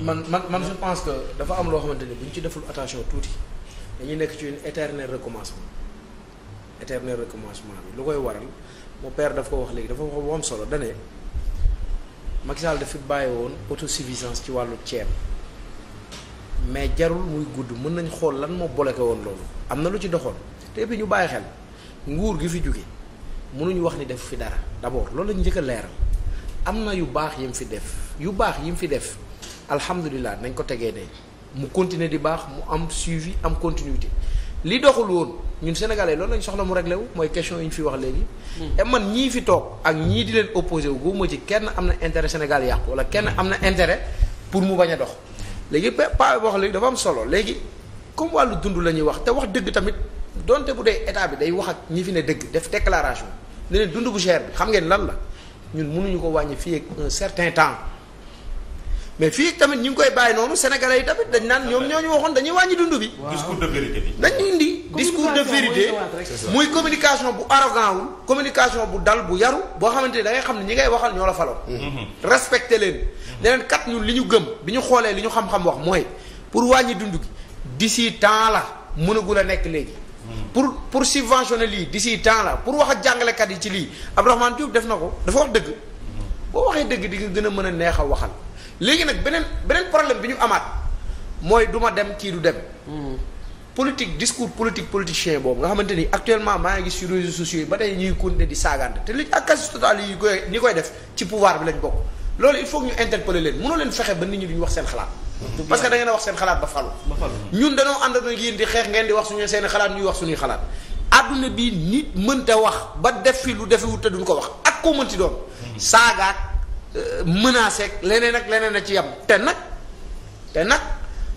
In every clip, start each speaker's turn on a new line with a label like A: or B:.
A: man man man je pense que dafa am loo xamante ni bu ñu ci deful attention tuuti dañuy nekk ci une éternel recommencement éternel recommencement bi lu koy waral mon père daf ko wax léegi dafa wax moom solo da ne Macky Sall bàyyi woon autosuffisance ci wàllu ceeb mais jarul muy gudd mën nañ xool lan moo bloqué woon loolu am na lu ci doxoon te et ñu bàyyi xel nguur gi fi jóge mënuñu wax ni def fi dara d'abord loolu lañu njëkk a leeral am na yu baax yi mu fi def yu baax yi mu fi def alhamdulilah nañ ko tegee ne mu continuer di baax mu am suivi am continuité li doxul woon ñun sénégalais loolu lañ soxla mu réglé wu mooy question yi ñu fi wax léegi. Hmm. et man ñii fi toog ak ñii di leen opposé wu góob ma ci kenn am na intérêt Sénégal yàqu wala kenn am na intérêt pour mu bañ a dox. léegi pa wax léegi dafa am solo léegi comme wàllu dund la ñuy wax te wax dëgg tamit donte bu dee état bi day wax ak ñi fi ne dëgg def déclaration ne dund bu cher xam ngeen lan la ñun mënuñu ko wàññi fii ak temps. mais fii tamit ñu ngi koy bàyyi noonu sénégalais yi tamit dañ naan ñoom ñoo ñu waxoon dañuy wàññi dund bi. discours de vérité bi. dañu indi discours de vérité muy communication bu arrogant wul communication bu dal bu yaru boo xamante ni xam ne ñi ngay waxal ñoo la faloon. Mm-hmm. respecté leen. ne mm-hmm. leen kat ñun li ñu gëm bi ñu xoolee li ñu xam-xam wax mooy pour wàññi dundu gi d'ici temps la mënagul a nekk léegi. Mm-hmm. pour pour subventionner lii d'ici temps la pour wax ak jàngalekat yi ci lii Abdourahmane Diouf def na ko dafa dëgg. boo waxee dëgg di nga a mën a neex a waxal. léegi nag beneen beneen problème bi ñu amaat mooy du ma dem kii du dem. Hmm. politique discours politique politicien boobu nga xamante ni actuellement maa ngi gis sur réseaux sociaux yi ba tey ñuy continuer di saagante te li ak casse totale yi koy ñi koy def ci pouvoir bi lañ bokk loolu il faut ñu interpeller leen mënoo leen fexe ba nit ñi duñu wax seen xalaat. parce que da ngeen a wax seen xalaat ba falu. ñun dañoo ànd ak yéen di xeex ngeen di wax suñu seen xalaat ñuy wax suñuy xalaat. àdduna bi nit mënta wax ba def fi lu defewut duñ ko wax ak koo mënti doon. Hmm. saagaat. menacé leneen ak leneen a ci yem te nag te nag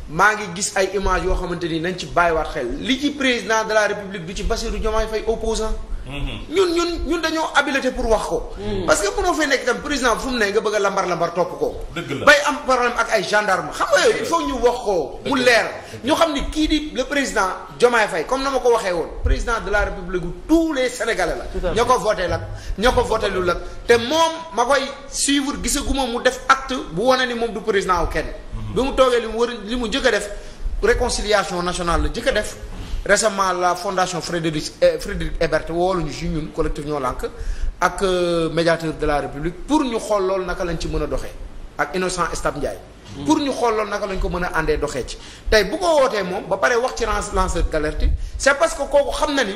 A: maa ngi gis ay image yoo xamante ni nañ ci bàyyiwaat xel li ci président de la république du ci Bassirou Diomaye Faye opposant ñun ñun ñun dañoo habilité pour wax ko. Mm. parce que mënoo fee nekk tam président fu mu ne nga bëgg a lambar lambar topp ko. dëgg la bay am problème ak ay gendarme xam nga yooyu il faut ñu wax ko. mu leer ñu xam ni kii di le président Diomaye fay comme na ma ko waxee woon président de la république tous les sénégalais la. ñoo ko voté la ñoo ko voté lu la te moom ma koy suivre ma mu def acte bu wane ni moom du président wu kenn. Mm-hmm. bi mu toogee li mu war li mu njëkk def réconciliation nationale la njëkk a def. récemment la fondation Frédéric eh, Frédéric Ebert wooluñu si ñun collectif ñoo lànk ak euh, médiateur de la république pour ñu xool lool naka lañu ci mën a doxee ak Innocent Estap Ndiaye mm. pour ñu xool loolu naka lañ ko mën a àndee doxee ci tey bu ko wootee moom ba pare wax ci lanceur d'alerte c' est parce que kooku xam na ni et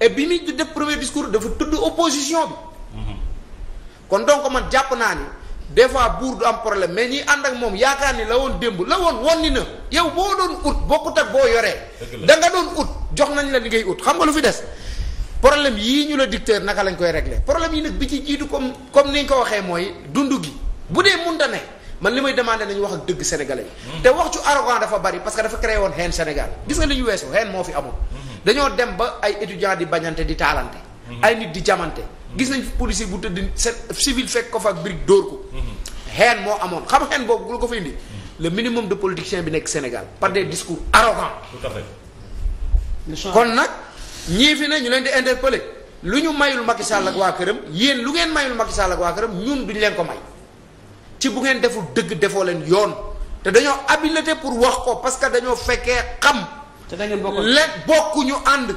A: eh, bi muy def premier discours dafa tudd opposition bi mm-hmm. kon donc man jàpp naa ni des fois buur du am problème mais ñi ànd ak moom yaakaar ni la woon démb la woon wonni na yow boo doon ut bokkut ak boo yoree da nga doon ut jox nañ la liggéey ngay ut xam nga lu fi des problème yii ñu la dicteur naka lañ koy regle problème yi nag bi ci jiitu comme comme ni ñu ko waxee mooy dund gi bu dee munta ne man li may demandé nañu wax ak dëgg sénégalais hmm. te wax ci arrogant dafa bari parce que dafa créé woon haine Sénégal gis nga li ñu weesu haine moo fi amul hmm. dañoo dem ba ay étudiants di bañante di taalante hmm. ay nit di jamante gis nañ fi policier bu tëdd set civil fekk ko fa ak brique dóor ko. xeen moo amoon xam xeen boobu lu ko fa indi. le minimum de politicien bi nekk Sénégal par des discours arrogants. kon nag ñii fi ne ñu leen di interpeller lu ñu mayul Macky Sall ak waa këram yéen lu ngeen mayul Macky Sall ak waa këram ñun duñ leen ko may ci bu ngeen deful dëkk defoo leen yoon te dañoo habilité pour wax ko parce que dañoo fekkee xam. te da ngeen bokk leen ànd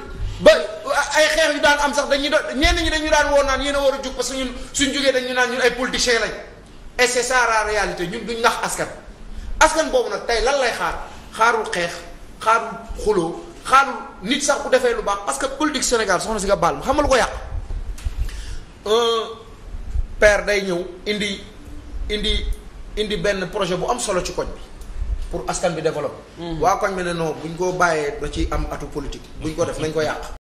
A: ay xeex yu daan am sax dañuy doon ñenn ñi dañu daan woon naan yéen a a jug parce que ñun suñ jugee dañu naan ñu ay politiciens lañ et c'est ça la ñun duñ nax askan. askan boobu nag tey lan lay xaar xaarul xeex xaarul xuloo xaarul nit sax ku defee lu baax parce que politique Sénégal soxna si nga baal ma xam nga lu ko yàq un day ñëw indi indi indi benn projet bu am solo ci koñ bi pour askan bi développé. Hmm. waa koñ bi ne non buñ koo bàyyee da ci am atu politique. buñ ko def nañ ko yàq.